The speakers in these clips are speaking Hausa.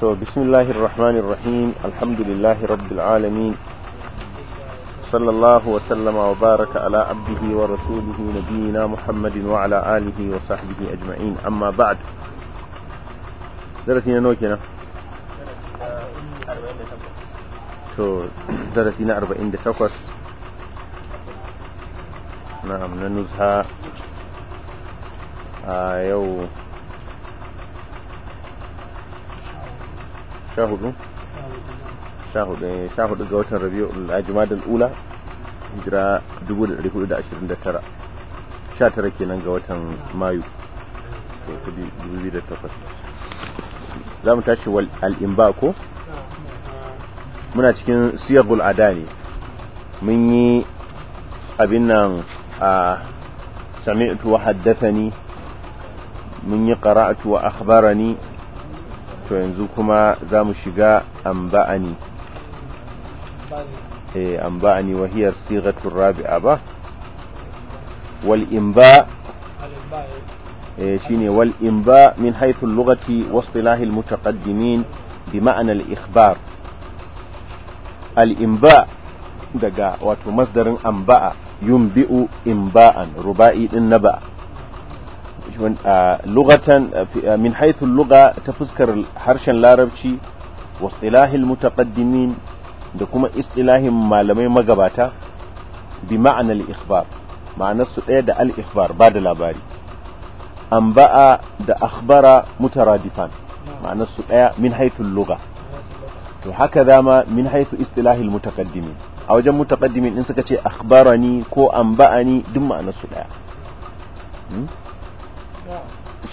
So, bismillahir rahmanir rahim alhamdulillahi rabbil alamin sallallahu wa sallama wa baraka ala abdihi wa rasulihi nabiyina muhammadin wa ala alihi wa sahbihi ajma'in amma ba'd darasi na nawa kenan to darasi na 48 na'am na nuzha a yau sha hudu sha hudu eh, sha hudu ga watan rabi'ul ajimadul eh, ula hijira 1429 sha tara kenan ga watan mayu kudi eh, 2008 za mu tashi al'imba ko muna cikin siyagul adani mun yi abin nan a sami'tu wa haddathani mun yi qara'atu wa akhbarani to yanzu kuma za mu shiga amba'ani eh amba'ani wahiyar sigatun rabi'a ba wal imba eh, shine wal imba min haythu al-lughati wa istilahi al-mutaqaddimin bi ma'na al-ikhbar al-imba daga wato masdarin amba'a yunbi'u imba'an ruba'i din naba Uh, lugatan uh, uh, min haythu luga ta fuskar harshen larabci wa istilahil mutaqaddimin da kuma istilahin malamai magabata bi ma'anar ikhbar ma'anar ɗaya da al-ikhbar ba da labari an ba'a da akhbara mutaradifan ma'anar ɗaya min haythu luga to haka dama min haythu istilahil mutaqaddimin a wajen mutaqaddimin in suka ce ni ko ni duk ma'anar ɗaya hmm?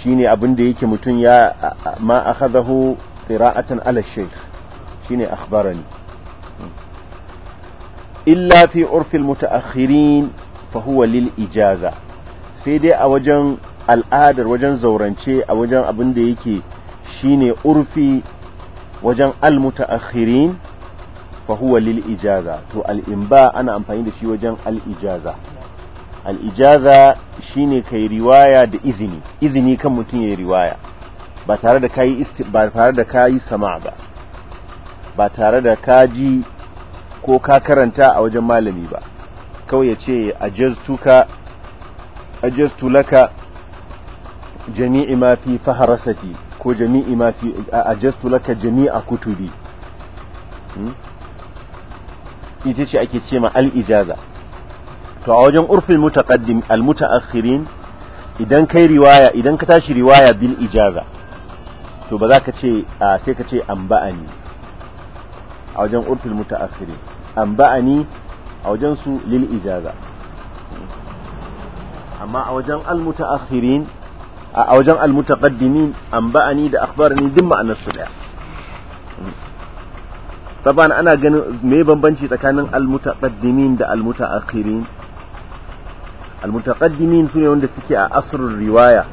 shine abin da yake mutum ya ma akhadahu qira'atan ala shaykh shine akhbarani illa fi urfil mutaakhirin fa huwa lil ijaza sai dai a wajen al'adar wajen zaurance a wajen abin da yake shine urfi wajen al mutaakhirin fa huwa lil ijaza to al'imba ana amfani da shi wajen al ijaza al'ijaza shi ne ka riwaya da izini izini kan mutum ya riwaya ba tare da ka yi sama ba ba tare da ka ji ko ka karanta a wajen malami ba kawai ya ce a ajaztu laka jami'i ma fi faharasati ko jami'i ma fi ajaztu laka jami'a kutubi hmm? ita ce ake ce ma al'ijaza to a wajen urfin mutaqaddim almutaakhirin idan kai riwaya idan ka tashi riwaya bil ijaza to ba za ka ce sai ka ce anba'ani a wajen urfin mutaakhirin anba'ani a wajen su lil ijaza amma a wajen almutaakhirin a wajen almutaqaddimin anba'ani da akhbarani din ma'anar su daya taban ana ganin me bambanci tsakanin almutaqaddimin da almutaakhirin almutaqaddimin sune wanda suke a asrul riwaya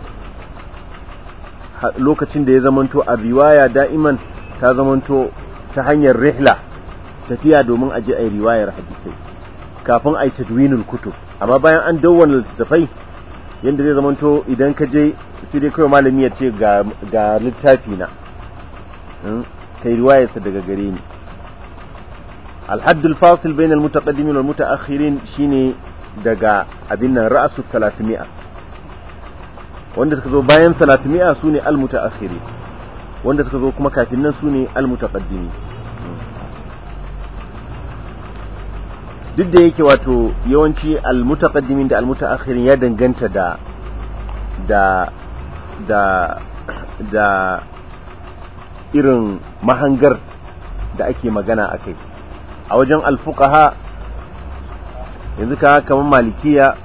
lokacin da ya zamanto a riwaya da'iman ta zamanto ta hanyar rihla tafiya domin aje ai riwayar hadisai kafin ai tadwinul kutub amma bayan an dawwana littafai yanda zai zamanto idan ka je sai dai kawai malami ya ce ga ga littafi na kai riwayarsa daga gare ni al-hadd al-fasil mutaqaddimin wal mutaakhirin shine daga abin nan ra'asu 300 wanda suka zo bayan 300 su ne almuta asiri wanda suka zo kuma kafin nan su ne almuta ƙaddini duk da yake wato yawanci almuta ƙaddimin da almuta asirin ya danganta da da da da irin mahangar da ake magana a kai a wajen alfukaha yanzu ka kamar malikiya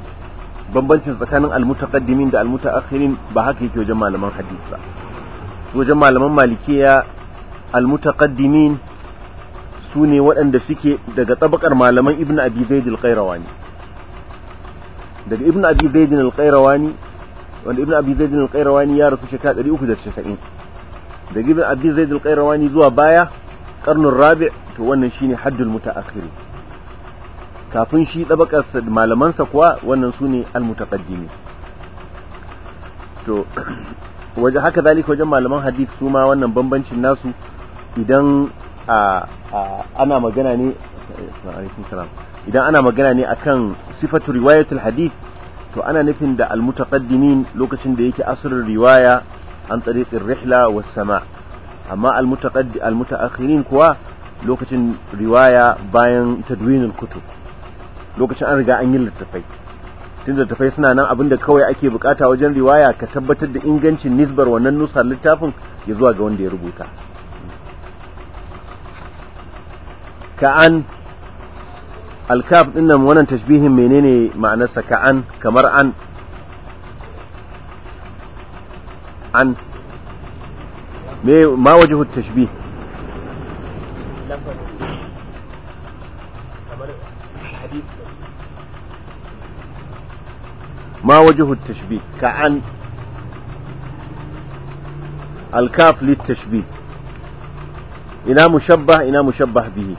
bambancin tsakanin almutaqaddimin da almutaakhirin ba haka yake wajen malaman hadith ba wajen malaman malikiya almutaqaddimin su ne waɗanda suke daga tabakar malaman ibn abi zaid al-qayrawani daga ibn abi zaid al-qayrawani wanda ibn abi zaid al-qayrawani ya rasu shekara 390 daga ibn abi zaid al-qayrawani zuwa baya karnin rabi' to wannan shine haddul mutaakhirin kafin shi ɗabakarsa malamansa kuwa wannan su ne almutaƙaddimi to waje haka zalika wajen malaman hadith su ma wannan bambancin nasu idan ana magana ne idan ana magana ne akan sifatu riwayatul hadith to ana nufin da almutaqaddimin lokacin da yake asrul riwaya an tsariqir rihla was sama amma almutaqaddi almutaakhirin kuwa lokacin riwaya bayan tadwinul kutub lokacin an riga an yi littattafai tun littattafai suna nan abinda kawai ake bukata wajen riwaya ka tabbatar da ingancin nisbar wannan nusar littafin ya zuwa ga wanda ya rubuta ka'an alkaf dinnan wannan tashbihin menene ma'anarsa ka'an kamar an an me ma wajhu tashbih ما وجه التشبيه كعن الكاف للتشبيه إنا مشبه إنا مشبه به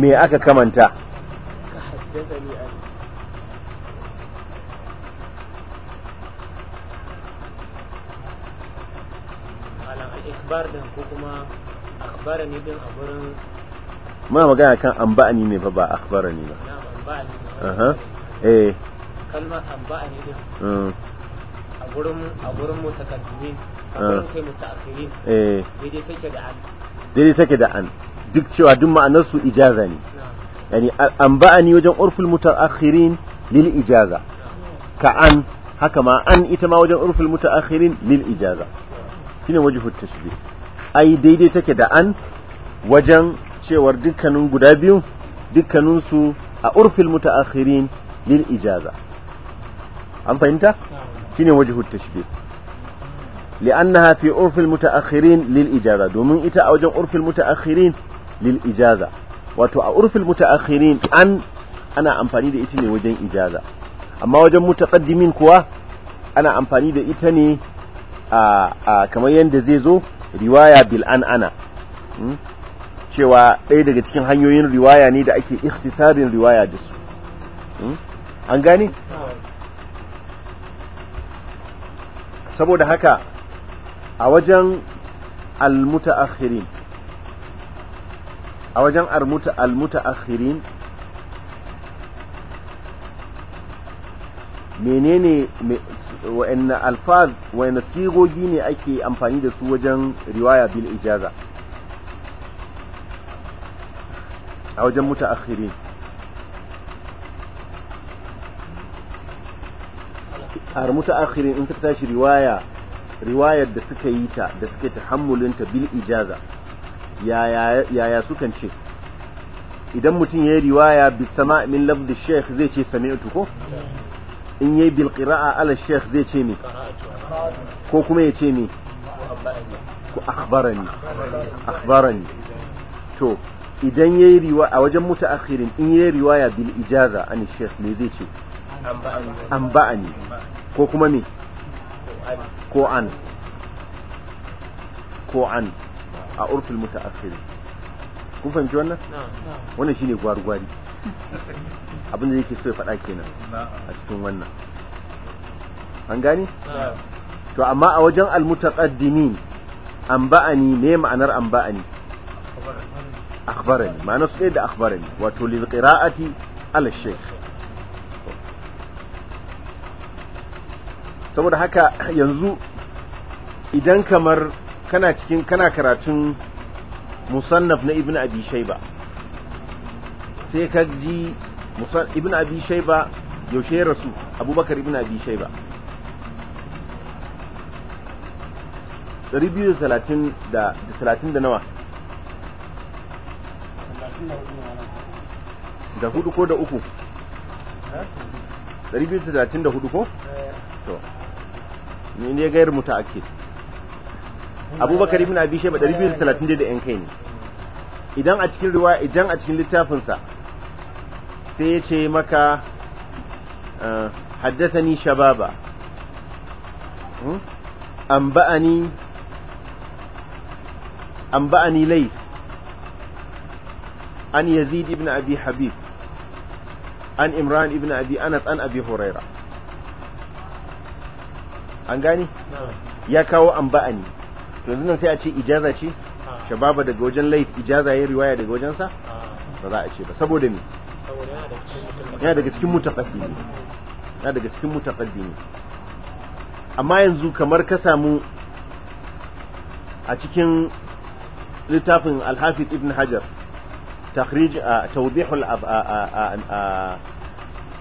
me aka kamanta al-ikhbar din ko a muna magana kan ni ne ba ba aha eh kalmar mm. a gurin a a mm. eh. daidai take da an da an duk cewa duk ma'anar su ijaza ne yani ni wajen urful mutaakhirin lil ijaza ka an haka ma an ita ma wajen urful mutaakhirin lil ijaza shine wajhu tashbih ai daidai take da an wajen cewar dukkanin guda biyun dukkaninsu a urfil mutaakhirin lil ijaza an fahimta shine wajhu tashbih li'annaha fi urfil mutaakhirin lil ijaza domin ita a wajen urfil mutaakhirin lil ijaza wato a urfil mutaakhirin an ana amfani da ita ne wajen ijaza amma wajen mutaqaddimin kuwa ana amfani da ita ne a kamar yanda zai zo riwaya bil an ana hmm? cewa ɗaya daga cikin hanyoyin riwaya ne da ake ikhtisarin riwaya da su hmm? an gani. saboda haka a wajen akhirin a wajen akhirin menene wa'anna alfaz wa'anna sigogi ne ake amfani da su wajen riwaya bil ijaza a wajen akhiri har akhiri in ka tashi riwaya riwayar da suka yi ta da suke tahammulin ta bil ijaza yaya yaya sukan ce idan mutum yayi riwaya bi sama' min lafzi shaykh zai ce sami'tu ko in yayi bil qira'a ala shaykh zai ce ni ko kuma yace ce ni ko akhbarani akhbarani to idan yayi riwa a wajen mutaakhirin in yayi riwaya bil ijaza an sheikh me zai ce an ba'ani ko kuma me ko an ko an a urfil mutaakhirin kun fahimci wannan wannan shine gwargwari abin da yake so ya faɗa kenan a cikin wannan an gani to amma a wajen almutaqaddimin an ba'ani me ma'anar an ba'ani akhbarani ما su da akhbarani wato lil qira'ati ala saboda haka yanzu idan kamar kana cikin kana karatun musannaf na ibnu abi shayba sai ka ji ibnu abi shayba yaushe ya rasu abubakar ibnu abi shayba 230 da 30 da nawa da hudu ko da uku da hudu ko? to ne ne gayar muta ake abubakar ibn abi shaiba 230 da yan kai ne idan a cikin ruwa idan a cikin littafinsa sai ya ce maka ah, haddathani shababa hmm? an ba'ani an ba'ani laif an yazid ibn abi habib an imran ibn abi anas an abi huraira an gani ya kawo an ba'ani to yanzu nan sai a ce ijaza ce shababa daga wajen laif ijaza ya riwaya daga wajensa ba za a ce ba saboda me yana daga cikin mutaqaddimi yana daga cikin mutaqaddimi amma yanzu kamar ka samu a cikin littafin al-hafiz ibn hajar تخريج آه، توضيح آه،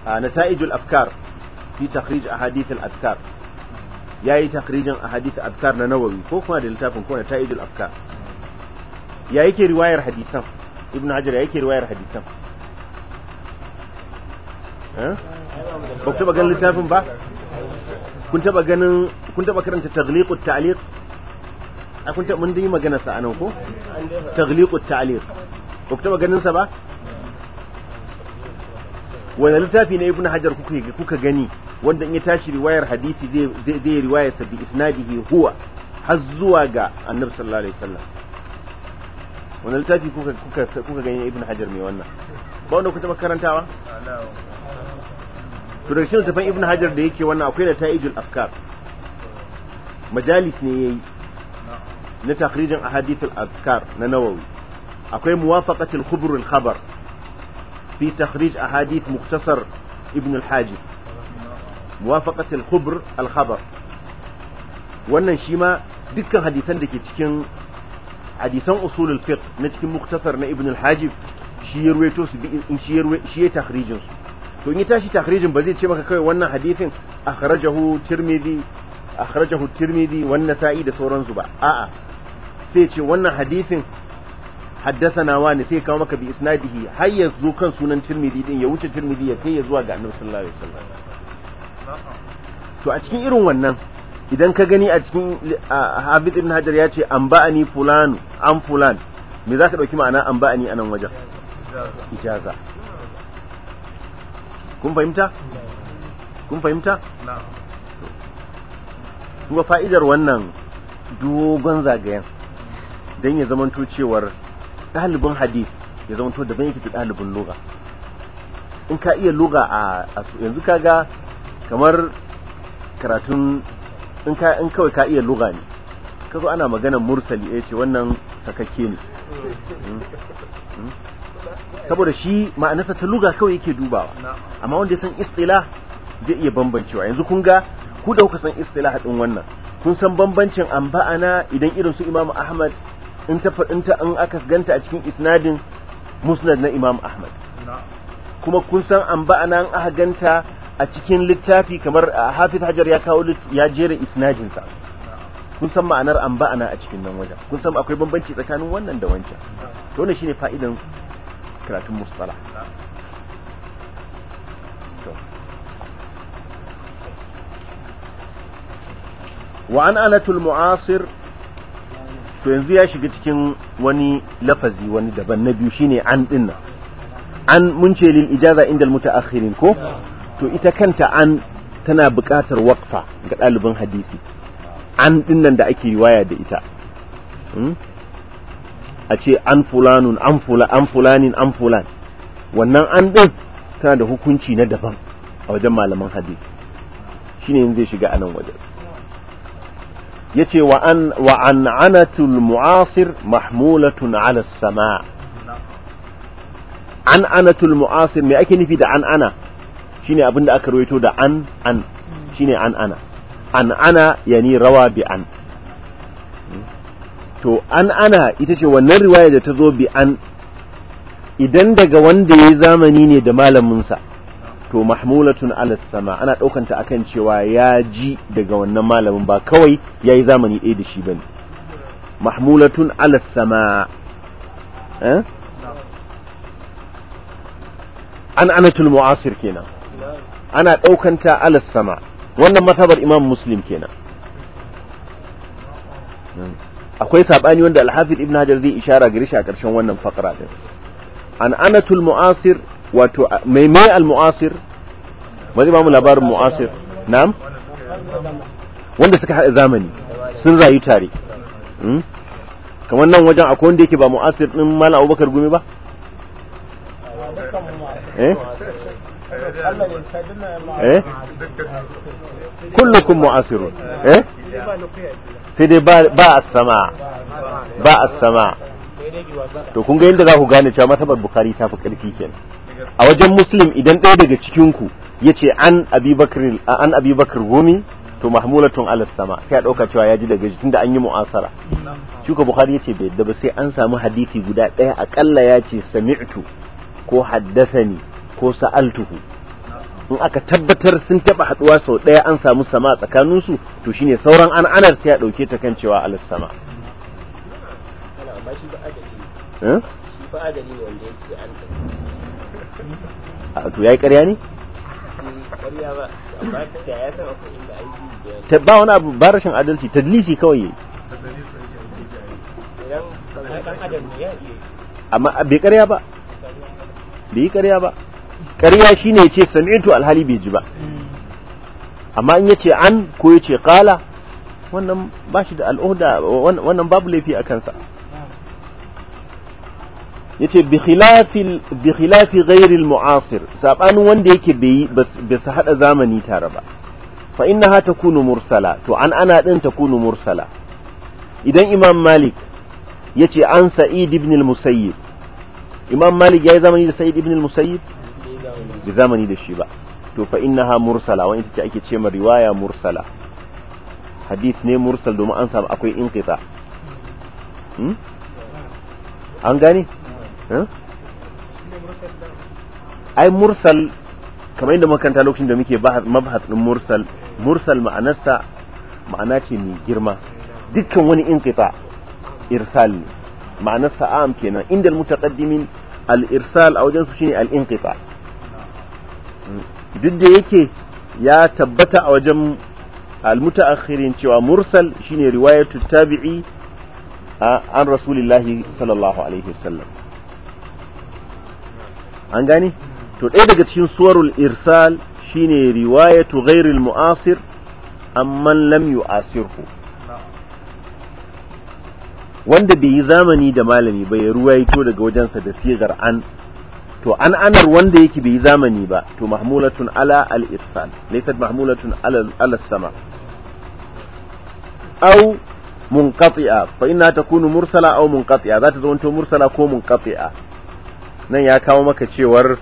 آه، نتائج الأفكار في تخريج أحاديث الأذكار ياي تخريج أحاديث الأذكار نووي فوق ما دلتا فنكون نتائج الأفكار ياي كي رواية حديثة ابن عجر ياي كي رواية حديثة بكتب أقل لتافن با كنت بغن كنت بكرن تغليق والتعليق أكنت من دي ما جنس أنا وكو تغليق التعليق ba ku taba ganin sa ba wani littafi na ibn hajar kuka gani wanda in ya tashi riwayar hadisi zai zai riwayar sa bi isnadihi huwa har zuwa ga annabi sallallahu alaihi wasallam wani littafi kuka kuka kuka gani ibn hajar mai wannan ba wanda ku taba karantawa to da ne tafan ibn hajar da yake wannan akwai da ta'ijul afkar majalis ne yayi na takhrijin ahadith al-azkar na nawawi akwai muwafaqatul khubr al khabar fi takhrij ahadith muktasar ibn al haji muwafaqatul khubr al khabar wannan shima dukkan hadisan da ke cikin hadisan usulul fiqh na cikin muktasar na ibn al haji shi ya ruwaito su in shi ya shi takhrijin su to in ya tashi takhrijin ba zai ce maka kai wannan hadithin. akhrajahu tirmidhi akhrajahu tirmidhi wan nasa'i da sauransu ba a'a sai ce wannan hadithin. haddathana wani sai kawo maka bi isnadihi har ya zo kan sunan tirmidhi din ya wuce tirmidhi ya kai ya zuwa ga annabi sallallahu alaihi wasallam to a cikin irin wannan idan ka gani a cikin habib ibn hajar ya ce an ba'ani fulan an fulan me zaka dauki ma'ana an ba'ani anan wajen ijaza kun fahimta kun fahimta na'am fa'idar wannan dogon zagayen dan ya zamanto cewar ɗalibin hadith ya zama to daban yake da ɗalibin lugha in ka iya lugha a yanzu kaga kamar karatun in ka in kawai ka iya lugha ne kazo ana magana mursali ya eh, ce wannan sakakke ne hmm? Hmm? saboda shi ma'anarsa ta lugha kawai yake dubawa amma wanda ya san istilah zai iya bambancewa yanzu kun ga ku da kuka san istilah din wannan kun san bambancin amba'ana idan irin su Imam Ahmad in ta in aka ganta a cikin isnadin musnad na imam ahmad kuma kun san an ba an aka ganta a cikin littafi kamar hafiz hajar ya kawo ya jera isnadinsa kun san ma'anar an ba'ana a cikin nan wajen kun san akwai bambanci tsakanin wannan da wancan to ne shine fa'idan karatun mustala وعن أنة المعاصر to yanzu ya shiga cikin wani lafazi wani daban na biyu shine an dinna an mun ce lil ijaza inda mutaakhirin ko to ita kanta an tana buƙatar waqfa ga ɗalibin hadisi an dinnan da ake riwaya da ita hmm? a ce an fulanun an fula an fulanin an fulan wannan an din tana da hukunci na daban a wajen malaman hadisi shine yanzu zai shiga anan wajen yace wa an wa an'anatul mu'asir mahmulatun 'ala as-sama' an'anatul mu'asir me ake nufi da an'ana shine abin da aka rawaito da an an shine an'ana an'ana yani rawa bi an to an'ana ita ce wannan riwaya da ta zo bi an idan daga wanda ya zamani ne da malaminsa to mahmulatun ala sama ana daukanta akan cewa ya ji daga wannan malamin ba kawai yayi zamani ɗaya da shi bane mahmulatun ala sama eh an anatul mu'asir kenan ana daukanta ala sama wannan mazhabar imam muslim kenan akwai sabani wanda al-hafiz ibn hajar zai ishara gari shi a ƙarshen wannan faqra din an anatul mu'asir wato mai mai al-mu'asir wani ba mu labarin mu'asir na'am wanda suka haɗa zamani sun rayu tare hmm? kamar nan wajen akwai wanda yake ba mu'asir ɗin mala abubakar gumi ba eh eh kullukum mu'asirun eh sai dai ba a sama ba a sama to kun ga yadda za ku gane cewa matabar bukari ta fi ƙarfi kenan a wajen muslim idan ɗaya daga cikinku ya ce an abubakar rumi to mahmulatun alas sai a ɗauka cewa ya ji daga jikin da an yi mu'asara shuka bukhari ya ce bai da ba sai an samu hadithi guda ɗaya akalla ya ce sami'tu ko haddasa ni ko sa'altuhu in aka tabbatar sun taɓa haɗuwa sau ɗaya an samu sama tsakaninsu to shine sauran an anar sai a ɗauke ta kan cewa alas sama ba eh? wanda an to yayi ƙarya ne ta ba wani abu ba rashin adalci tadlisi kawai yayi amma bai ƙarya ba bai yi ƙarya ba ƙarya shine yace sami'tu alhali bai ji ba amma in ce an ko ce kala wannan ba shi da al'uhda wannan babu laifi a kansa yace bi khilafil bi khilafi ghairil mu'asir sabanin wanda yake bai bai su hada zamani tare ba fa innaha takunu mursala to an ana din kunu mursala idan imam malik yace an sa'id ibn al-musayyib imam malik yayi zamani da sa'id ibn al-musayyib bi zamani da shi ba to fa innaha mursala wani ita ce ake ce riwaya mursala hadith ne mursal domin an samu akwai inqita hmm? an gani ai mursal kamar yadda makanta lokacin da muke mabhas din mursal mursal ma'anarsa ma'ana ce mai girma dukkan wani inqita irsal ne ma'anarsa am kenan inda al-mutaqaddimin al-irsal a wajen su shine al-inqita duk da yake ya tabbata a wajen al-mutaakhirin cewa mursal shine riwayatu tabi'i an rasulillahi sallallahu alaihi wasallam an gane to ɗaya daga cikin suwarul irsal shine riwayatu ghairil mu'asir amman lam yu'asirhu wanda bai yi zamani da malami ba ya ruwaito daga wajensa da sigar an to an anar wanda yake bai yi zamani ba to mahmulatun ala al-irsal laysat mahmulatun ala al-sama aw munqati'a fa inna takunu mursala aw munqati'a za ta zama mursala ko munqati'a nan ya kawo maka cewar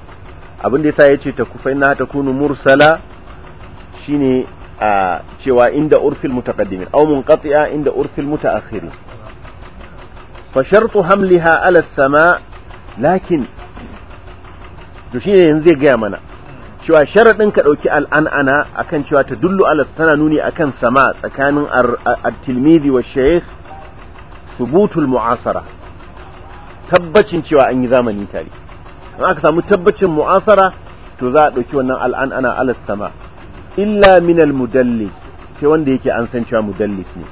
abin da ya yasa ya ce ta na ta kunu mursala ne a cewa inda urfil mutaqaddimin aw munqati'a inda urfil mutaakhirin fa shartu hamliha ala sama lakin to shi ne yanzu zai gaya mana cewa sharaɗin ka ɗauki al'an'ana a kan cewa ta dullu ala tana nuni a kan sama tsakanin at wa shaykh subutul mu'asara tabbacin cewa an yi zamani tare in aka samu tabbacin mu'asara to za a ɗauki wannan al'an ana alas sama illa minal mudallis sai wanda yake an san cewa mudallis ne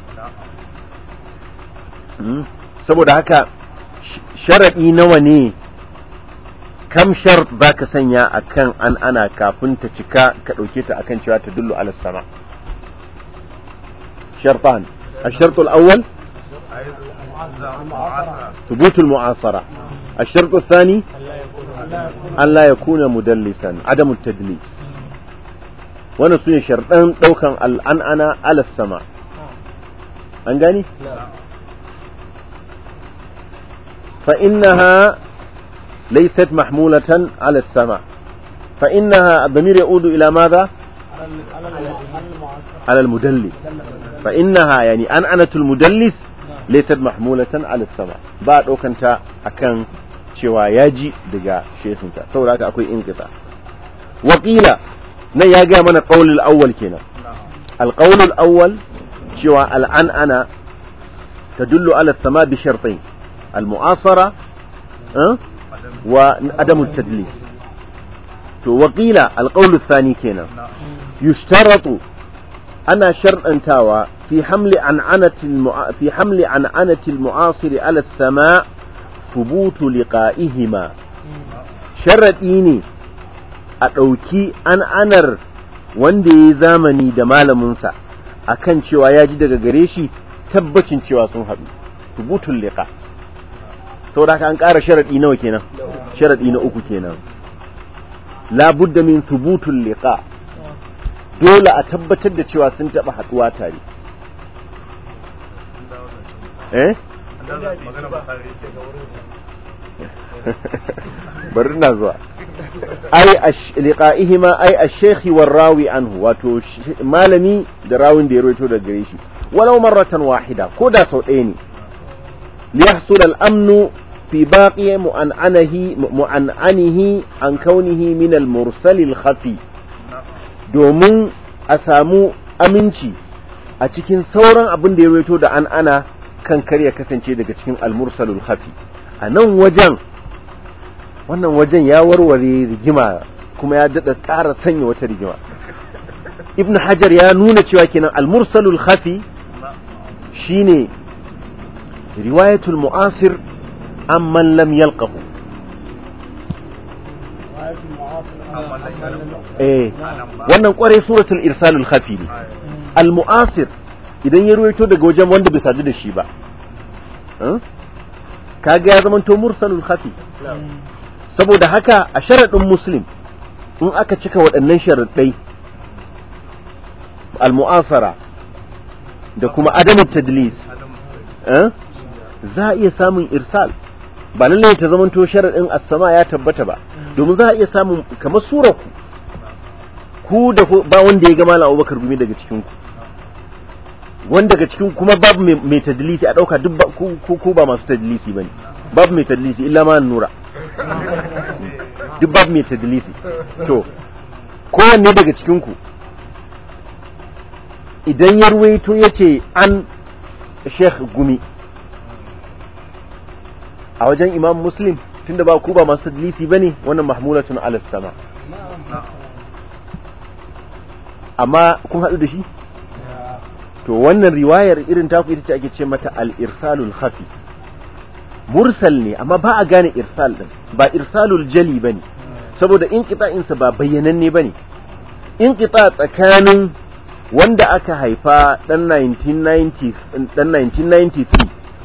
hmm? saboda haka sharaɗi nawa ne kam shart za ka sanya akan an'ana an ana kafin ta cika ka ɗauke ta akan cewa ta dullu alas sama sharfan a al awwal ثبوت المعاصرة الشرط الثاني أن لا يكون مدلسا عدم التدليس وانا سنة شرطان دوكا انا على السماء انجاني فإنها ليست محمولة على السماء فإنها الضمير يعود إلى ماذا على المدلس فإنها يعني أنعنة المدلس laitar mahmulatan ala sama ba a ɗaukanta a kan cewa ya ji daga shefinsa saboda haka akwai inkita waƙila nan ya gaya mana ƙaunin awwal kenan alƙaunin awwal cewa al'an'ana ta dullo ala sama bi sharfai al-mu'asara eh, wa adamu tadlis to waƙila alƙaunin sani kenan yushtaratu ana sharɗantawa fi hamli an anatil fi hamli an anatil ala sama thubutu liqa'ihima sharadi ne a ɗauki an anar wanda ya zamani da malaminsa akan cewa ya ji daga gare shi tabbacin cewa sun haɗu thubutun liqa saboda haka an ƙara sharadi nawa kenan sharadi na uku kenan labudda min thubutul liqa dole a tabbatar da cewa sun taɓa haɗuwa tare eh bari na zuwa ai ma ai ash-shaykh rawi an wato malami da rawin da ya rawaito da gare shi walau marratan wahida ko da sau ɗaya ne liyahsul al-amnu fi baqiy mu'ananihi an kaunihi min al-mursal khafi domin a samu aminci a cikin sauran abin da ya roito da an ana kan karya kasance daga cikin almursalul hafi a nan wajen wannan wajen ya warware rigima kuma ya daɗa ƙara sanya wata rigima ibn hajar ya nuna cewa kenan almursalul khafi shine riwayatul mu'asir amman lam yalqahu eh wannan kwarai suratul irsalul khafi ne al mu'asir idan ya ruwaito daga wajen wanda bai sadu da shi ba eh, Ka ga ya zamanto mursalul khafi saboda haka a sharadin muslim in aka cika waɗannan sharaɗai al-mu'asara da kuma adamin tadlis eh, za a iya samun irsal ba lallai ta zamanto sharaɗin as-sama ya tabbata ba domin za a iya samun kamar suraku ku ku da ba wanda ya gama malam abubakar gumi daga cikin ku wanda daga cikin kuma babu mai tadilisi a dauka duk ko ba masu ba ne babu mai tadilisi illa ma nura duk babu mai tadilisi to kowanne daga cikin ku idan ya ruwaito yace an sheikh gumi a wajen imam muslim tunda ba ku ba masu tadlisi bane wannan mahmulatun ala sama amma kun hadu da shi to wannan riwayar irin taku ita ce ake ce mata al-irsalul khafi mursal ne amma ba a gane irsal din ba irsalul jali bane saboda in sa ba ne. bane kita tsakanin wanda aka haifa dan dan 1993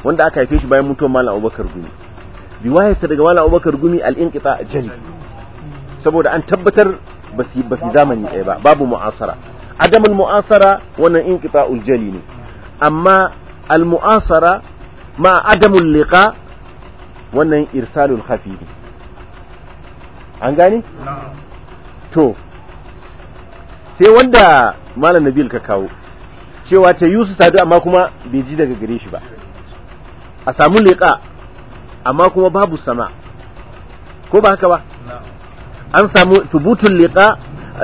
wanda aka haife shi bayan mutuwar malam Abubakar Gumi riwayarsa daga Malam Abubakar Gumi al-inqita jali saboda an tabbatar ba su zamani ɗaya ba babu mu'asara adamul mu'asara wannan inqita jali ne amma al-mu'asara ma adamul liqa wannan irsalul khafi ne an gane to sai wanda malam nabil ka kawo cewa ta yusu sadu amma kuma bai ji daga gare shi ba a samu liqa amma kuma babu sama ko ba haka ba an samu tubutun liqa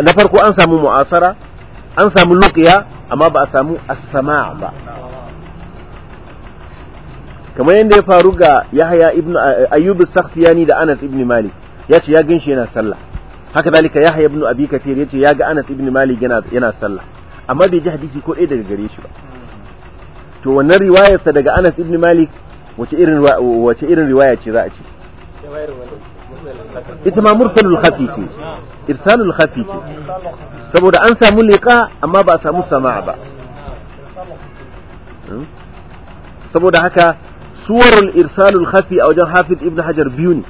na farko an samu mu'asara an samu luqiya amma ba a samu as-sama' ba kamar yadda ya faru ga Yahya ibn eh, Ayyub as-Sakhtiyani da Anas ibn Malik yace ya ganshi yana sallah haka dalika Yahya ibn Abi Kathir yace ya ga Anas ibn Malik yana yana sallah amma bai ji hadisi ko ɗaya daga gare shi ba to wannan riwayarsa daga Anas ibn Malik wace irin wace irin riwaya ce za a ce ita ma mursalul khafi ce irsalul khafi ce saboda an samu liqa amma ba a samu sama'a ba hmm? saboda haka suwarul irsalul khafi a wajen hafid ibn hajar biyu ne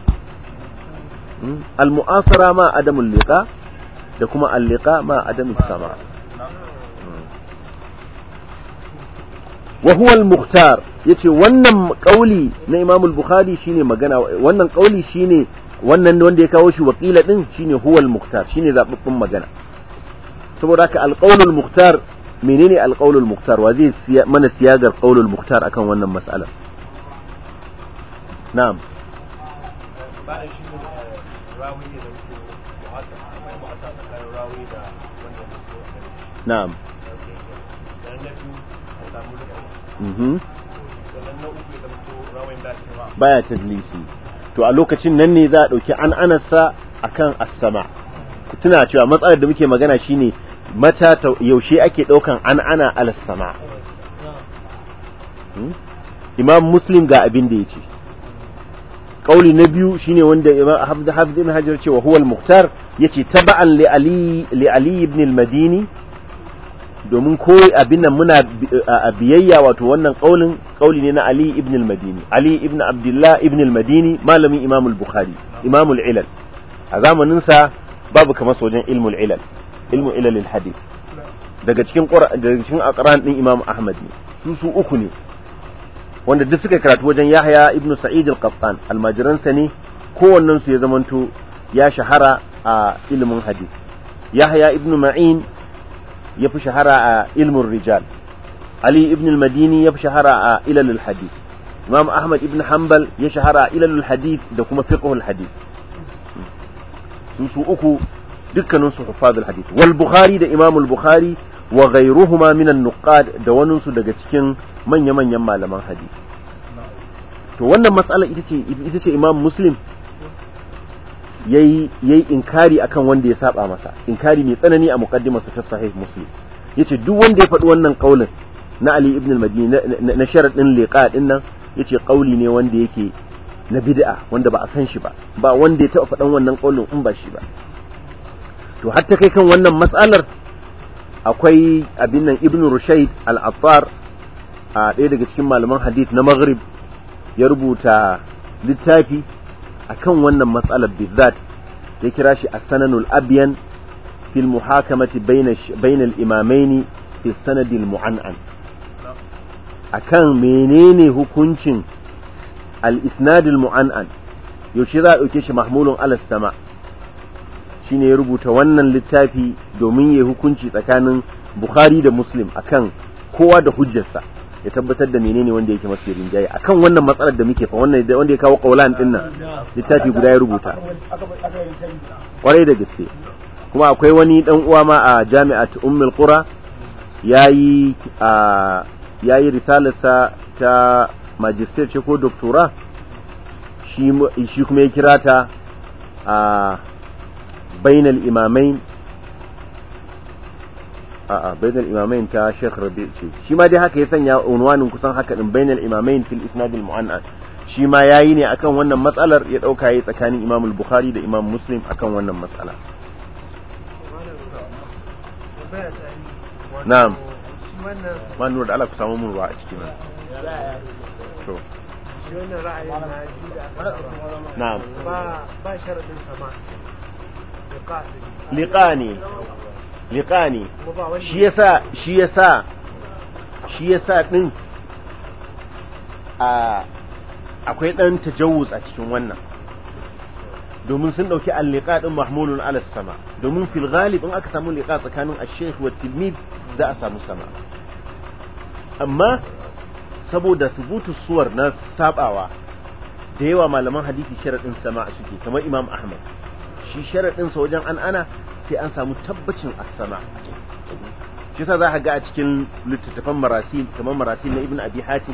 hmm? al-mu'asara ma adamul liqa da kuma al-liqa ma adamus sama'a wa huwa al yace wannan kauli na Imam al-Bukhari shine magana wannan kauli shine wannan wanda ya kawo shi wakila din shine huwa al-mukhtar shine zababbin magana saboda haka al-qawl al-mukhtar menene al-qawl al-mukhtar wa zai mana siyagar qawl al-mukhtar akan wannan mas'ala na'am na'am Mhm. baya tadlisi to a lokacin nan ne za a ɗauki an anasa akan as-sama tuna cewa matsalar da muke magana shine mata yaushe ake ɗaukan an ana al hmm? imam muslim ga abin da ya ce ƙauli na biyu shine wanda imam hafiz ibn hajar ce wa huwa al-muhtar yace taba'an li ali li ali ibn al-madini domin ko abin nan muna a biyayya wato wannan kaulin kauli ne na Ali ibn al-Madini Ali ibn Abdullah ibn al-Madini malamin Imam al-Bukhari Imam al-Ilal a zamanin sa babu kamar sojan ilmul ilal ilmul ilal al-hadith daga cikin daga cikin aqran din Imam Ahmad ne su su uku ne wanda duk suka karatu wajen Yahya ibn Sa'id al-Qattan almajiran sa ne kowannen su ya zamanto ya shahara a ilmin hadith Yahya ibn Ma'in ya fi shahara a ilmin rijal ali ibn al-madini ya fi shahara a ilalul hadith imam ahmad ibn hanbal ya shahara a ilalul hadith da kuma al hadith su uku dukkanin su al hadith wal bukhari da imam al-bukhari wa ghayruhuma min an-nuqad da wanin su daga cikin manya-manyan malaman hadith to wannan matsala ita ce ita ce imam muslim yayi yayi inkari akan wanda ya saba masa inkari mai tsanani a muqaddimarsa ta sahih muslim yace duk wanda ya faɗi wannan kaulin na Ali ibn al-Madini na din liqa din nan yace kauli ne wanda yake na bid'a wanda ba a san shi ba ba wanda ya taba faɗan wannan kaulin in ba shi ba to har ta kai kan wannan matsalar akwai abin nan ibn rushaid al-affar a ɗaya daga cikin malaman hadith na maghrib ya rubuta littafi akan wannan matsalar bizzat ya kira shi as-sananul abyan fil muhakamati bayna imamaini fi sanadil mu'an'an akan menene hukuncin al-isnadil mu'an'an yaushe za a dauke shi mahmulun alas sama shine ya rubuta wannan littafi domin yayi hukunci tsakanin bukhari da muslim akan kowa da hujjarsa ya tabbatar da menene wanda yake mafi rinjaye akan wannan matsalar da muke fa wannan wanda ya kawo kaulan din nan littafi guda ya rubuta kwarai da gaske kuma akwai wani dan uwa ma a jami'at ummul qura yayi a yayi risalarsa ta majistace ce ko doctora shi kuma ya kira ta a bainal imamain a'a bainal imamain ta Sheikh Rabi ce shi ma dai haka ya sanya unwanin kusan haka din bainal imamain fil isnad al mu'annas shi ma yayi ne akan wannan matsalar ya dauka yayi tsakanin Imam al-Bukhari da Imam Muslim akan wannan matsala na'am wannan da Allah ku samu mun ruwa a cikin nan to wannan ra'ayin na ji da na'am ba ba sharadin sama liqa ne Liƙa ne shi yasa shi yasa shi yasa din a akwai dan tajawuz a cikin wannan domin sun dauki al-liqa din mahmulun ala sama domin fil ghalib in aka samu liqa tsakanin ash-shaykh wa tilmid za a samu sama amma saboda thubutu suwar na sabawa da yawa malaman hadisi sharadin sama suke kamar imam ahmad shi sharadin sa wajen an ana sai an samu tabbacin as-sama shi yasa zaka ga a cikin littattafan marasi kamar marasi na ibn abi hatim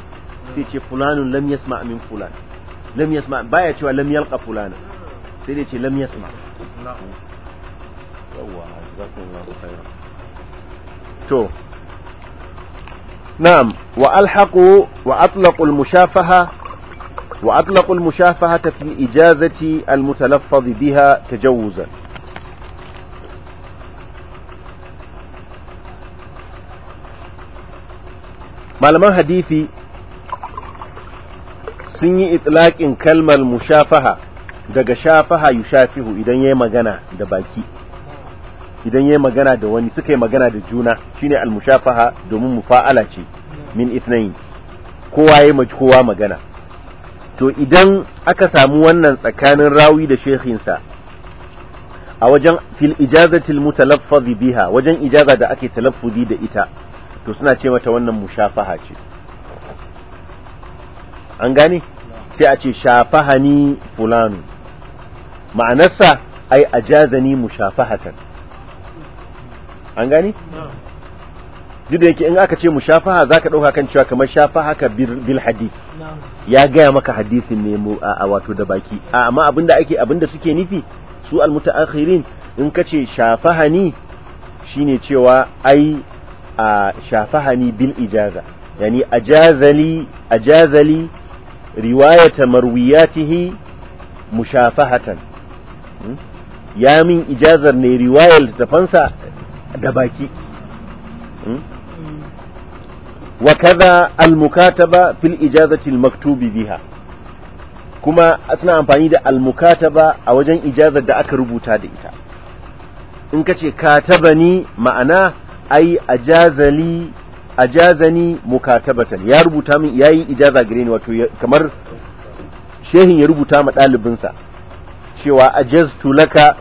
sai ce fulanun lam yasma min fulan lam yasma baya cewa lam yalqa fulana sai dai ce lam yasma yawwa jazakumullahu khairan to نعم وألحقوا وأطلقوا المشافهة وأطلقوا المشافهة في إجازة المتلفظ بها تجوزا malaman hadisi sun yi itlaƙin kalmar mushafaha daga shafaha yushafihu idan yayi magana da baki idan yayi magana da wani suka yi magana da juna shine almushafaha domin mufa'ala ce min ithnain kowa yayi maji kowa magana to idan aka samu wannan tsakanin rawi da shekhinsa a wajen fil ijazatil mutalaffazi biha wajen ijaza da ake talaffuzi da ita to suna ce mata wannan mushafaha ce an gane sai a ce shafahani fulanu ma'anarsa ai ajazani mushafahatan an gane duk da yake in aka ce mushafaha zaka ɗauka kan cewa kamar ka bil hadith ya gaya maka hadisin ne a wato da baki amma abinda ake abinda suke nufi su al mutaakhirin in kace shafahani shine cewa ai A shafahani bil ijaza yani ajazali ajazali riwayata marwiyatihi mushafahatan hmm? ya min ijazar ne riwaya littafansa da baki hmm? wa kaza al-mukataba fil ijazati al-maktubi biha kuma suna amfani da al-mukataba a wajen ijazar da aka rubuta da ita in kace katabani ma'ana ai ajazani ajazani mukatabatan ya rubuta min yayi ijaza gare ni wato kamar shehin ya rubuta ma ɗalibinsa cewa ajaztu laka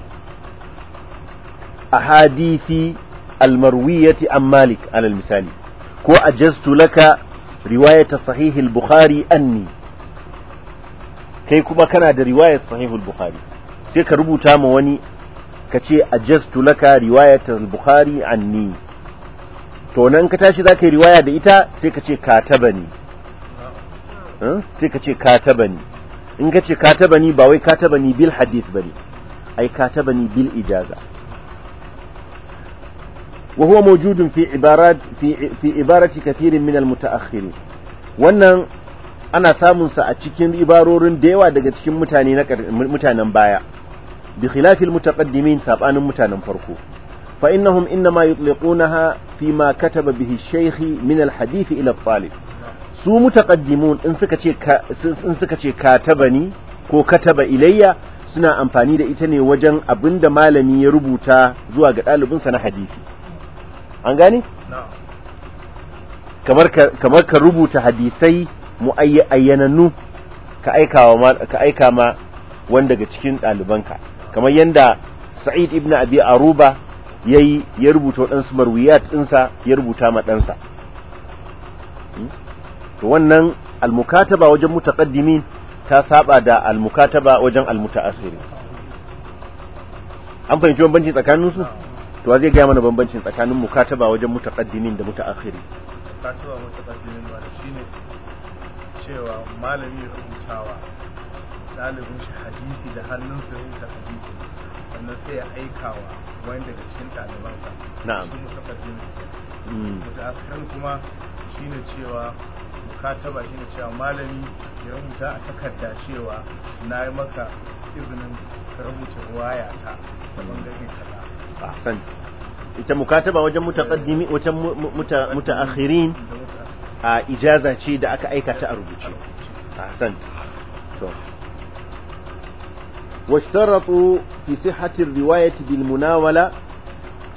ahadithi almarwiyati an malik alal misali ko ajaztu laka riwayata sahih al-bukhari anni kai kuma kana da riwayar sahih al-bukhari sai ka rubuta ma wani ka ce ajaztu laka riwayata al-bukhari anni to nan ka tashi za ka yi riwaya da ita sai ka ce katabani sai ka ce katabani in ka ce katabani ba wai katabani bil hadith bane ai katabani bil ijaza wa huwa mawjudun fi ibarat fi fi ibarati kathirin min al mutaakhirin wannan ana samun sa a cikin ibarorin da yawa daga cikin mutane na mutanen baya bi khilafil mutaqaddimin sabanin mutanen farko فإنهم إنما يطلقونها فيما كتب به الشيخ من الحديث إلى الطالب su mutaqaddimun in suka ce in suka ce katabani ko kataba ilayya suna amfani da ita ne wajen abinda malami ya rubuta zuwa ga ɗalibinsa na hadisi an gane kamar kamar ka rubuta hadisai mu ka aika ka aika ma wanda daga cikin ɗalibanka kamar yanda Sa'id ibn Abi Aruba ya yi ya rubuta waɗansu marwiyat ɗinsa ya rubuta ma ɗansa hmm? to wannan almukataba wajen mutaƙaddimin ta saba da almukataba wajen almutaasirin an fahimci bambanci tsakaninsu to zai gaya mana bambancin tsakanin mukataba wajen mutaƙaddimin da mutaakhiri mukataba mutaƙaddimin ba da ne cewa malami rubutawa ɗalibin shi hadisi da hannun sa rubuta hadisi sannan sai ya wa wanda daga cikin ɗalibansa na'am su Wata mutafajin mm. kuma shine cewa mukataba shine cewa malami ya rubuta a takarda cewa na yi maka izinin ka rubuta ruwaya ta da bangare kaza ahsan ita mukataba wajen mutaqaddimi wajen mutaakhirin a ijaza ce da aka aikata a rubuce ahsan to واشترطوا في صحة الرواية بالمناولة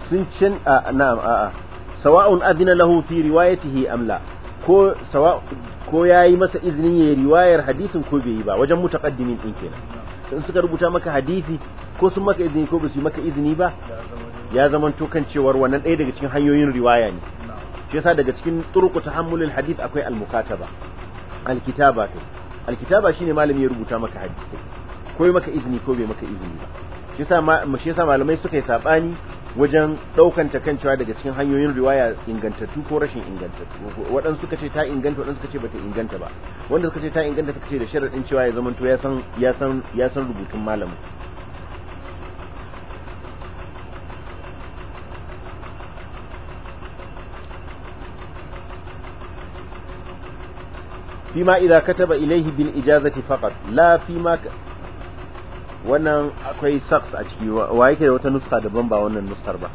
سنشن آه نعم آه آه سواء أذن له في روايته أم لا كو سواء ko ya yi masa izinin ya yi riwayar hadisin ko bai yi ba wajen mutaqaddimin din kenan in suka rubuta maka hadisi ko sun maka izini ko ba maka izini ba ya zaman to kan cewar wannan ɗaya daga cikin hanyoyin riwaya ne shi daga cikin turqu tahammulil hadith akwai al-mukataba al-kitaba to al-kitaba ya rubuta maka hadisi ko yi maka izini ko bai maka izini ba shi yasa malamai suka yi sabani wajen daukan ta kan cewa daga cikin hanyoyin riwaya ingantattu ko rashin ingantattu waɗansu suka ce ta inganta waɗansu suka ce bata inganta ba wanda suka ce ta inganta suka ce da sharaɗin cewa ya zamanto ya san ya san ya san rubutun malamin idza kataba كتب bil ijazati faqat la fima wannan akwai saks a ciki wa yake da wata nuska daban ba wannan nuskar ba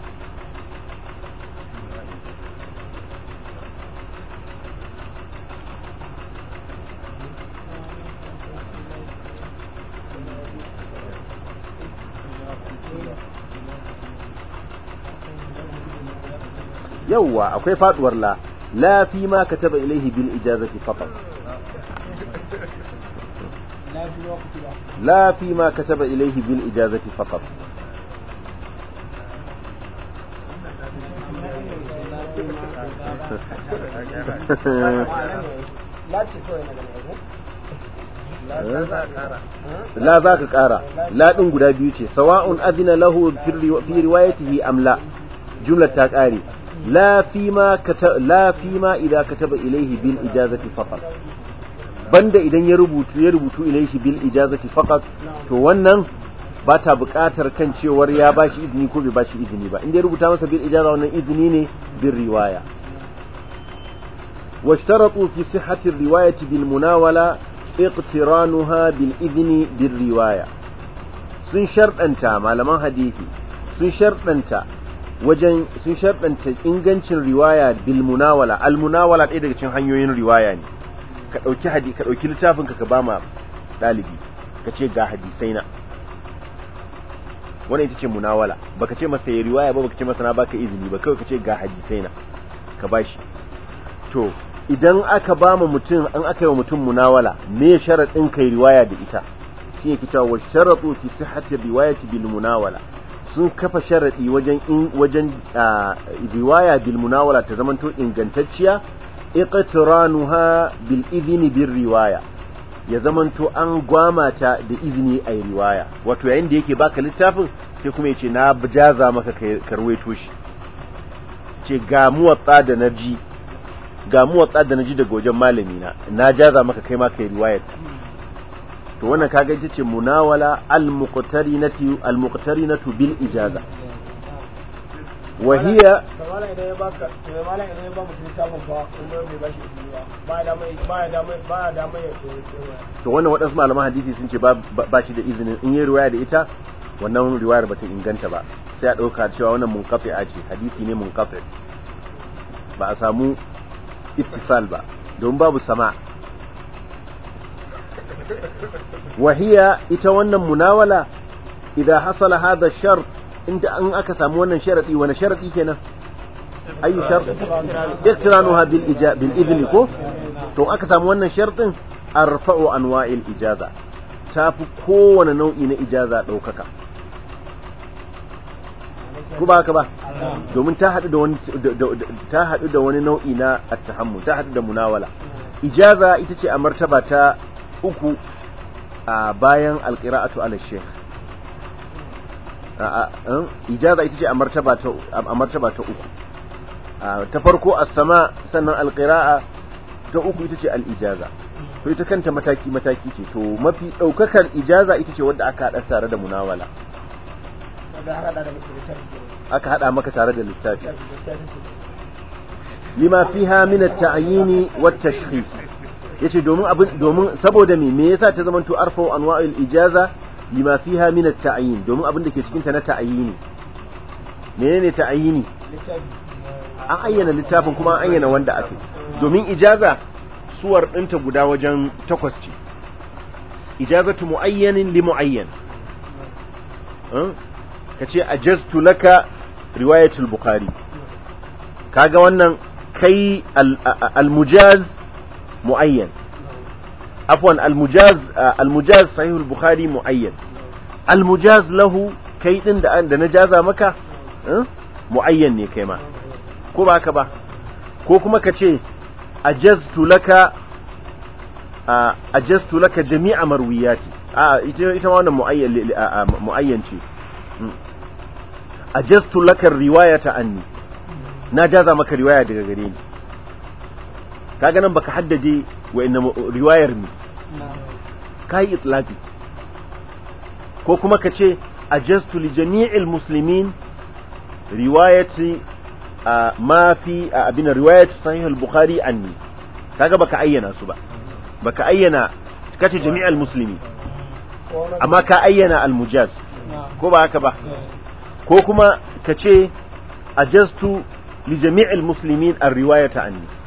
yawwa akwai faduwar la la fi ma kataba ilaihi bil ijazati faqat لا فيما كتب إليه بالإجازة فقط لا ذاك كارا لا دين غدا بيوتي سواء أذن له في روايته أم لا جملة تاكاري لا فيما كتب لا فيما إذا كتب إليه بالإجازة فقط banda idan ya rubutu ya rubutu ilaihi bil ijazati faqat to wannan ba ta buƙatar kan cewar ya ba shi izini ko bai ba shi izini ba inda ya rubuta masa bil ijaza wannan izini ne bil riwaya washtaratu fi sihhati riwayati bil munawala iqtiranuha bil izni bil riwaya sun sharɗanta malaman hadisi sun sharɗanta wajen sun sharɗanta ingancin riwaya bil munawala al munawala ɗaya daga cikin hanyoyin riwaya ne ka ɗauki hadi ka ɗauki littafin ka ka ba ma ɗalibi ka ce ga hadisai na wannan ita ce munawala baka ce masa riwaya ba baka ce masa na baka izini ba kawai ka ce ga hadisai na ka bashi to idan aka ba mu mutum an aka yi wa mutum munawala me sharadin kai riwaya da ita shi yake cewa wa sharatu fi sihhati riwayati bil munawala sun kafa sharadi wajen in wajen ah, riwaya bil munawala ta zamanto ingantacciya iqtiranuha bil idhni bir riwaya ya zamanto an gwamata da izini a riwaya wato yayin da yake baka littafin sai kuma yace na bujaza maka karwaito shi ce ga muwatta da naji ga muwatta da naji daga wajen malami na na jaza maka kai ma kai riwaya to wannan kaga ita ce munawala al-muqtarinati al-muqtarinatu bil ijaza wahiya kamar idan wannan waɗansu malaman hadisi sun ce ba shi da izinin in yi riwaya da ita wannan riwayar ba inganta ba sai a ɗauka cewa wannan ne ba a samu ittisal ba don babu sama wahiya ita wannan munawala idan hasala hada in an aka samu wannan sharadi wani sharadi kenan ayi sharadi iktiranuha bil ijab bil idni ko to aka samu wannan sharadin arfa'u anwa'il ijaza tafi kowane nau'i na ijaza daukaka Ku ba ka ba domin ta hadu da wani ta hadu da wani nau'i na at tahammu ta hadu da munawala ijaza ita ce a martaba ta uku a bayan alqira'atu ala shaykh Um, ijaza ita ce a martaba ta uku ta farko a sama sannan al-qira'a ta uku ita ce al-ijaza to ita kanta mataki mataki ce to mafi daukakar ijaza ita ce wadda aka haɗa tare da munawala aka haɗa maka tare da littafi lima fiha min at-ta'yin wa at-tashkhis yace domin abin saboda me me yasa ta zamanto arfa anwa'il ijaza lima Hamina min at-ta'yin domin abin da ke cikin ta na ta'yini menene ne an ayyana littafin kuma an ayyana wanda ake domin ijaza suwar ɗinta guda wajen takwas ce ijazatu mu'ayyanin li mu'ayyan kace ajaztu laka riwayatul bukhari kaga wannan kai al-mujaz mu'ayyan afwan al-mujaz al-mujaz sahih al-bukhari muayyad al-mujaz lahu kai din da da na jaza maka muayyan ne kai ma ko ba ka ba ko kuma ka ce ajaztu laka ajaztu laka jami'a marwiyati a ita wannan muayyan muayyan ce ajaztu laka riwayata anni na jaza maka riwaya daga gare ni kaga nan baka haddaje wa inna riwayar mi kai itlaqi ko kuma kace ajastu li jami'il muslimin riwayati ma fi abin riwayati sahih al-bukhari anni kaga baka ayyana su ba baka ayyana kace jami'al muslimin amma ka ayyana al-mujaz ko ba haka ba ko kuma kace ajastu li jami'il muslimin ar-riwayata anni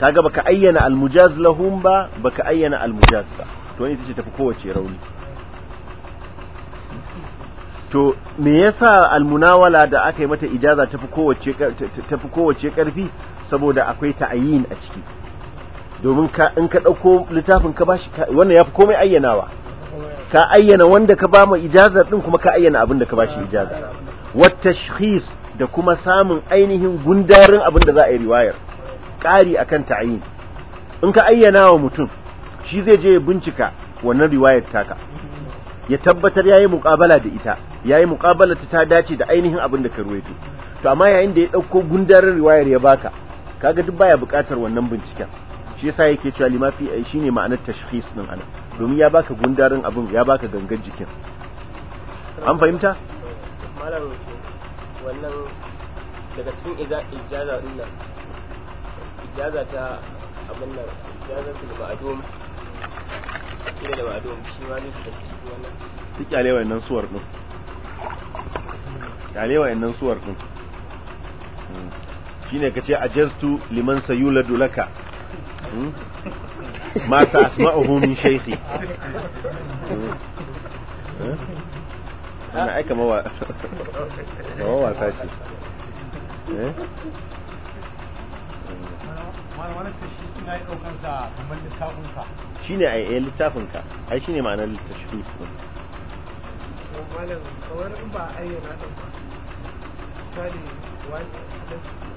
kaga baka ayyana almujaz lahum ba baka ayyana almujaz ba to wani ita ce tafi kowace rauni to me yasa almunawala da aka yi mata ijaza tafi kowace tafi kowace karfi saboda akwai ta'ayin a ciki domin ka in ka dauko littafin ka bashi wannan yafi komai ayyanawa ka ayyana wanda ka ba mu ijaza din kuma ka ayyana abin da ka bashi ijaza wat tashkhis da kuma samun ainihin gundarin abin da za a yi riwayar ƙari akan ta'ayin in ka ayyana wa mutum shi zai je ya bincika wannan riwayar taka ya tabbatar ya yi muƙabala da ita ya yi muƙabala ta ta dace da ainihin abin da ka ruwaito to amma yayin da ya dauko gundarin riwayar ya baka kaga duk baya buƙatar wannan binciken shi yasa yake cewa limafi eh, shine ma'anar tashkhis din ana domin ya baka gundarin abin ya baka gangan jikin an fahimta malam wannan daga cikin ijaza din nan ijaza ta abin nan ijaza ta ma'adum ne da ma'adum shi ma zai da cikin wannan duk yalewa nan suwar din yalewa nan suwar din hmm. shine kace ajastu liman sayuladu laka hmm. ma sa asma'uhu min shaykhi hmm. ana aika mawa mawa sace ce eh? shi ne a yi littafinka ai shi ne ma'anar littashis ɗin kawar in ba a ayyana ɗin ba misali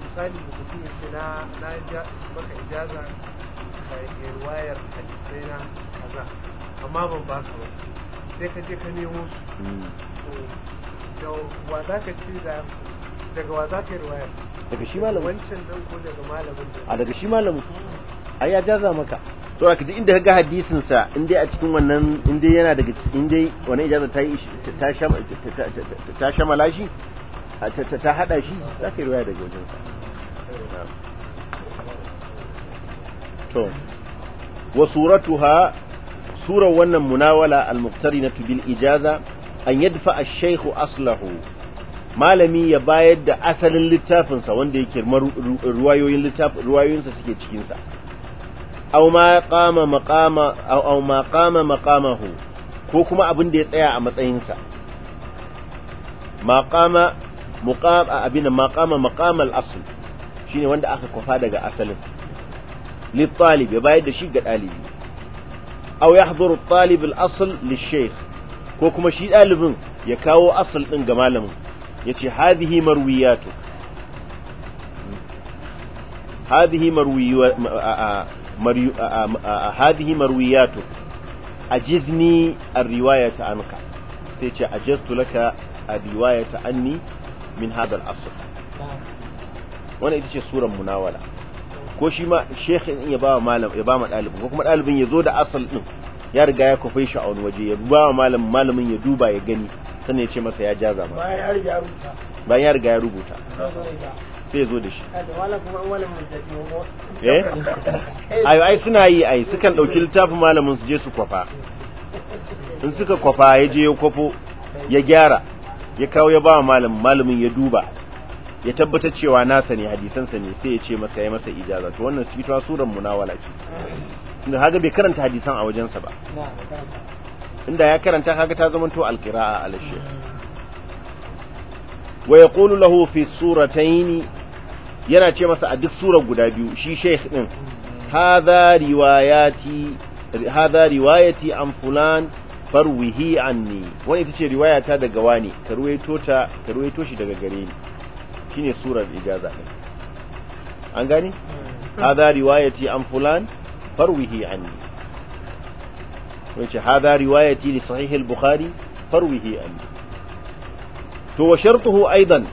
misali da mutum ya ce na na maka ijaza ka yi ruwayar hadisai na kaza amma ban ba su ba sai ka je ka nemo su to wa za ka ci da daga wa za ka yi ruwayar daga shi malamin wancan dan ko daga a daga shi malamin ai ya jaza maka to a ji inda kaga hadisin sa indai a cikin wannan indai yana daga cikin indai wannan ijaza ta yi ta shama ta shamala shi ta hada shi zaka yi riwaya daga wajen sa to wa suratuha surar wannan munawala al-muqtarinatu bil ijaza an yadfa ash-shaykh aslahu malami ya bayar da asalin littafinsa wanda yake ruwayoyin littafin ruwayoyinsa suke cikinsa aw ma qama maqama aw ma qama maqamahu ko kuma abin da ya tsaya a matsayinsa maqama muqam abin maqama maqam asl shine wanda aka kwafa daga asalin lit talib ya bayar da shi ga dalibi aw yahduru at-talib al-asl shaykh ko kuma shi dalibin ya kawo asal din ga malamin yace hadhihi marwiyatu hadhihi marwiyatu hadhihi marwiyatu ajizni ar an anka sai ce ajaztu laka ar-riwayata anni min hadha al-asl wannan ita ce suran munawala ko shi ma shekhin ya ba malam ya ba ma dalibin ko kuma dalibin ya zo da asal din ya riga ya kofai shi a wani waje ya ba malamin malamin ya duba ya gani sannan ya ce masa ya jaza masa bayan ya riga ya rubuta sai zo da shi eh suna yi ai sukan ɗauki littafin malamin su je su kwafa in suka kwafa ya je ya kwafo ya gyara ya kawo ya ba malamin malamin ya duba ya tabbata cewa nasa ne hadisansa ne sai ya ce masa ya masa ijaza to wannan cikin suran munawala ce tunda haga bai karanta hadisan a wajensa ba inda ya karanta kaga ta zama to alqira'a alashi wa yaqulu lahu fi suratayn yana ce masa a duk surar guda biyu shi sheikh. din hadha riwayati hadha riwayati an fulan farwihi anni wani ita ce riwayata daga wani ka ruwaito ta ka ruwaito shi daga gare ni shine surar ijaza din an gani hmm. hadha riwayati an fulan farwihi anni wace hadha riwayati li sahih al-bukhari farwihi an to wa shartuhu aidan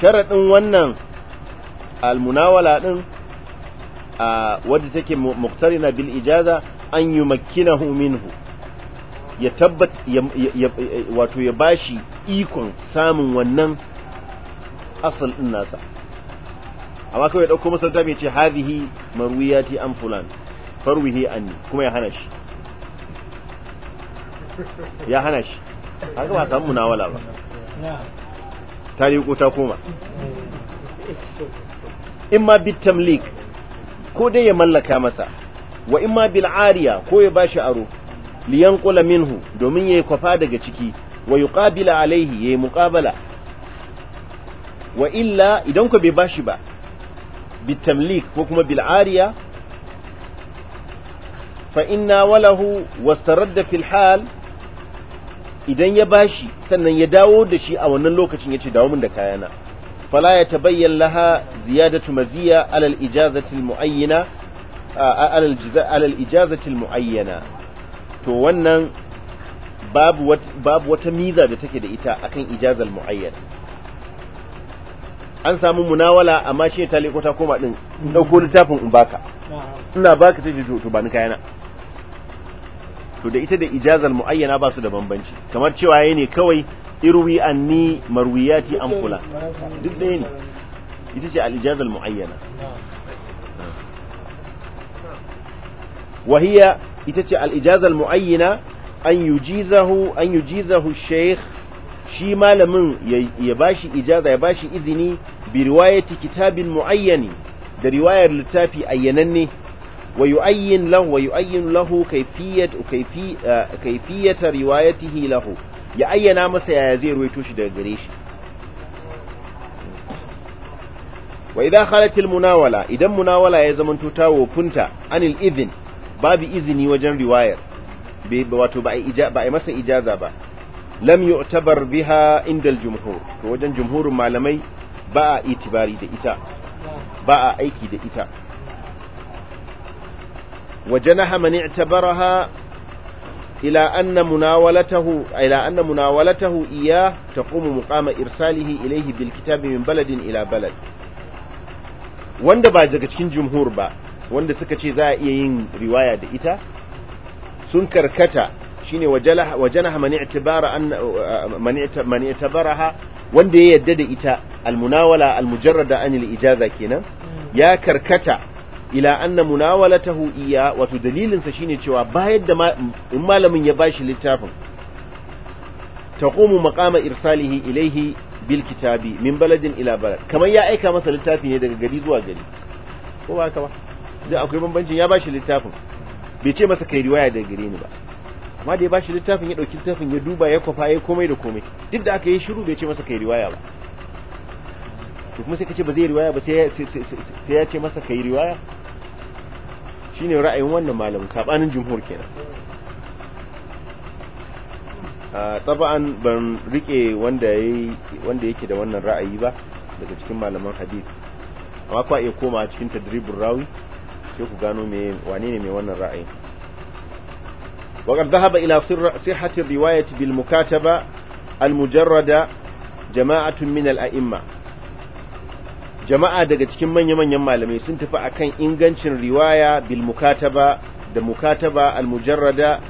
sharadin wannan al-munawala din wadda take muqtarina bil ijaza an yumakkinahu minhu ya tabbat wato ya bashi ikon samun wannan asal din nasa amma kawai ya dauko masalta mai ce hadhihi marwiyati an fulan farwihi anni kuma ya hana shi ya hana shi haka ba samu munawala ba ta ta koma in ma bi tamlik ko dai ya mallaka masa wa in ma bil ariya ko ya bashi aro liyan kula minhu domin yayi kwafa daga ciki wa yuqabila alaihi yayi muqabala wa illa idan ku bai bashi ba bit tamlik ko kuma bil fa inna walahu wastaradda fil hal idan ya bashi sannan ya dawo da shi a wannan lokacin yace dawo min da kayana fala ya tabayyan laha ziyadatu maziya alal ijazati almuayyana alal alal ijazati almuayyana to wannan babu wata babu wata miza da take da ita akan ijazal muayyana an samu munawala amma shi ta leko ta koma din dauko littafin in baka ina baka sai ji to ba ni kayana to da ita da ijazal muayyana ba su da bambanci kamar cewa yayi ne kawai irwi anni marwiyati an kula duk ɗaya ne ita ce al-ijazal muayyana wahiya ita ce al-ijazal muayyana an yujizahu an yujizahu shaykh shi malamin ya bashi ijaza ya bashi izini bi riwayati kitabin muayyani da riwayar littafi ayyananne ويؤين له ويؤين له كيفية كيفية, كيفية روايته له يأينا مسا يا زير ويتوش دا قريش وإذا خلت المناولة إذا مناولة يزمن تتاو فنتا عن الإذن باب إذني وجن رواية بواتو بأي, إجا بأي مسا إجازة با لم يعتبر بها عند الجمهور وجن جمهور معلمي ba a itibari da ita ba a aiki da ita وجنح من اعتبرها إلى أن مناولته إلى أن مناولته إياه تقوم مقام إرساله إليه بالكتاب من بلد إلى بلد wanda ba daga cikin jumhur ba wanda suka ce za a iya yin riwaya da ita sun karkata shine wajana man an man wanda ya yadda da ita almunawala almujarrada anil ijaza kenan ya karkata ila anna munawalatahu iya wato dalilin sa shine cewa bayar da in malamin ya bashi littafin taqumu maqama irsalihi ilaihi bil kitabi min baladin ila balad kamar ya aika masa littafi ne daga gari zuwa gari ko ba ta ba dan akwai bambancin ya bashi littafin bai ce masa kai riwaya daga gari ni ba amma da ya bashi littafin ya dauki littafin ya duba ya kwafa ya komai da komai duk da aka yi shiru bai ce masa kai riwaya ba to kuma sai kace ba zai riwaya ba sai ya ce masa kai riwaya shine ra'ayin wannan malamin sabanin jumhur kenan a taba'an ban rike wanda yayi wanda yake da wannan ra'ayi ba daga cikin malaman hadith amma kwa iya koma cikin tadribur rawi sai ku gano me wane ne mai wannan ra'ayin وقد ذهب إلى صحة الرواية بالمكاتبة المجردة جماعة من الأئمة jama'a daga cikin manya-manyan malamai sun tafi akan ingancin riwaya bil mukataba da mukataba al-mujarrada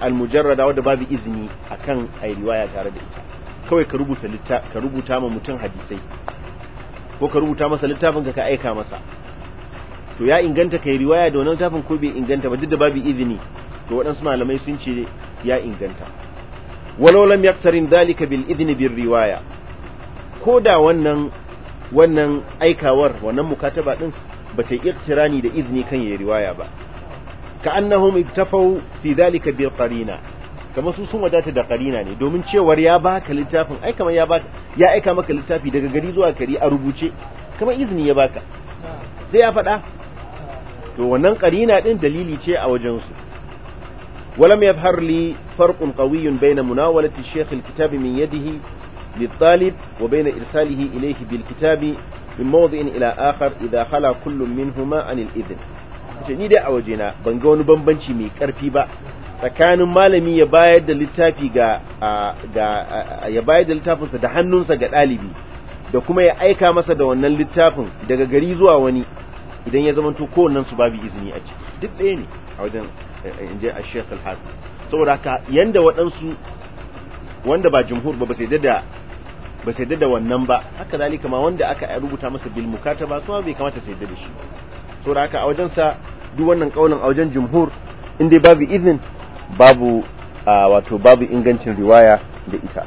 al-mujarrada wadda babu izini akan ai riwaya tare da ita kawai ka rubuta litta ka rubuta ma mutum hadisai ko ka rubuta masa littafin ka aika masa to ya inganta kai riwaya da wannan littafin ko bai inganta ba duk da babu izini to waɗansu malamai sun ce ya inganta walau lam yaktarin dhalika bil idni bir riwaya ko da wannan wannan aikawar wannan mukataba din ba bata iktirani da izini kan yayi riwaya ba ka annahum ittafau fi dalika bil qarina kamar su sun wadata da qarina ne domin cewar ya baka littafin ai kamar ya baka ya aika maka littafi daga gari zuwa gari a rubuce kamar izini ya baka sai ya faɗa to wannan qarina din dalili ce a wajen su ولم يظهر لي فرق قوي بين مناولة الشيخ الكتاب من يده للطالب وبين إرساله إليه بالكتاب من موضع إلى آخر إذا خلا كل منهما عن الإذن ni dai a wajena ban ga wani bambanci mai karfi ba tsakanin malami ya bayar da littafi ga ya bayar da littafinsa da hannunsa ga ɗalibi da kuma ya aika masa da wannan littafin daga gari zuwa wani idan ya zama zamanto kowannen su babu izini a ciki duk ɗaya ne a wajen inje a shekul saboda haka yanda waɗansu wanda ba jumhur ba ba sai da ba sai da wannan ba haka zalika ma wanda aka rubuta masa bil mukataba kuma bai kamata sai da shi to da haka a wajen sa duk wannan kaulin a wajen jumhur in dai babu izin babu wato babu ingancin riwaya da ita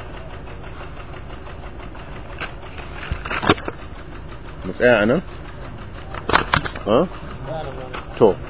mu tsaya anan to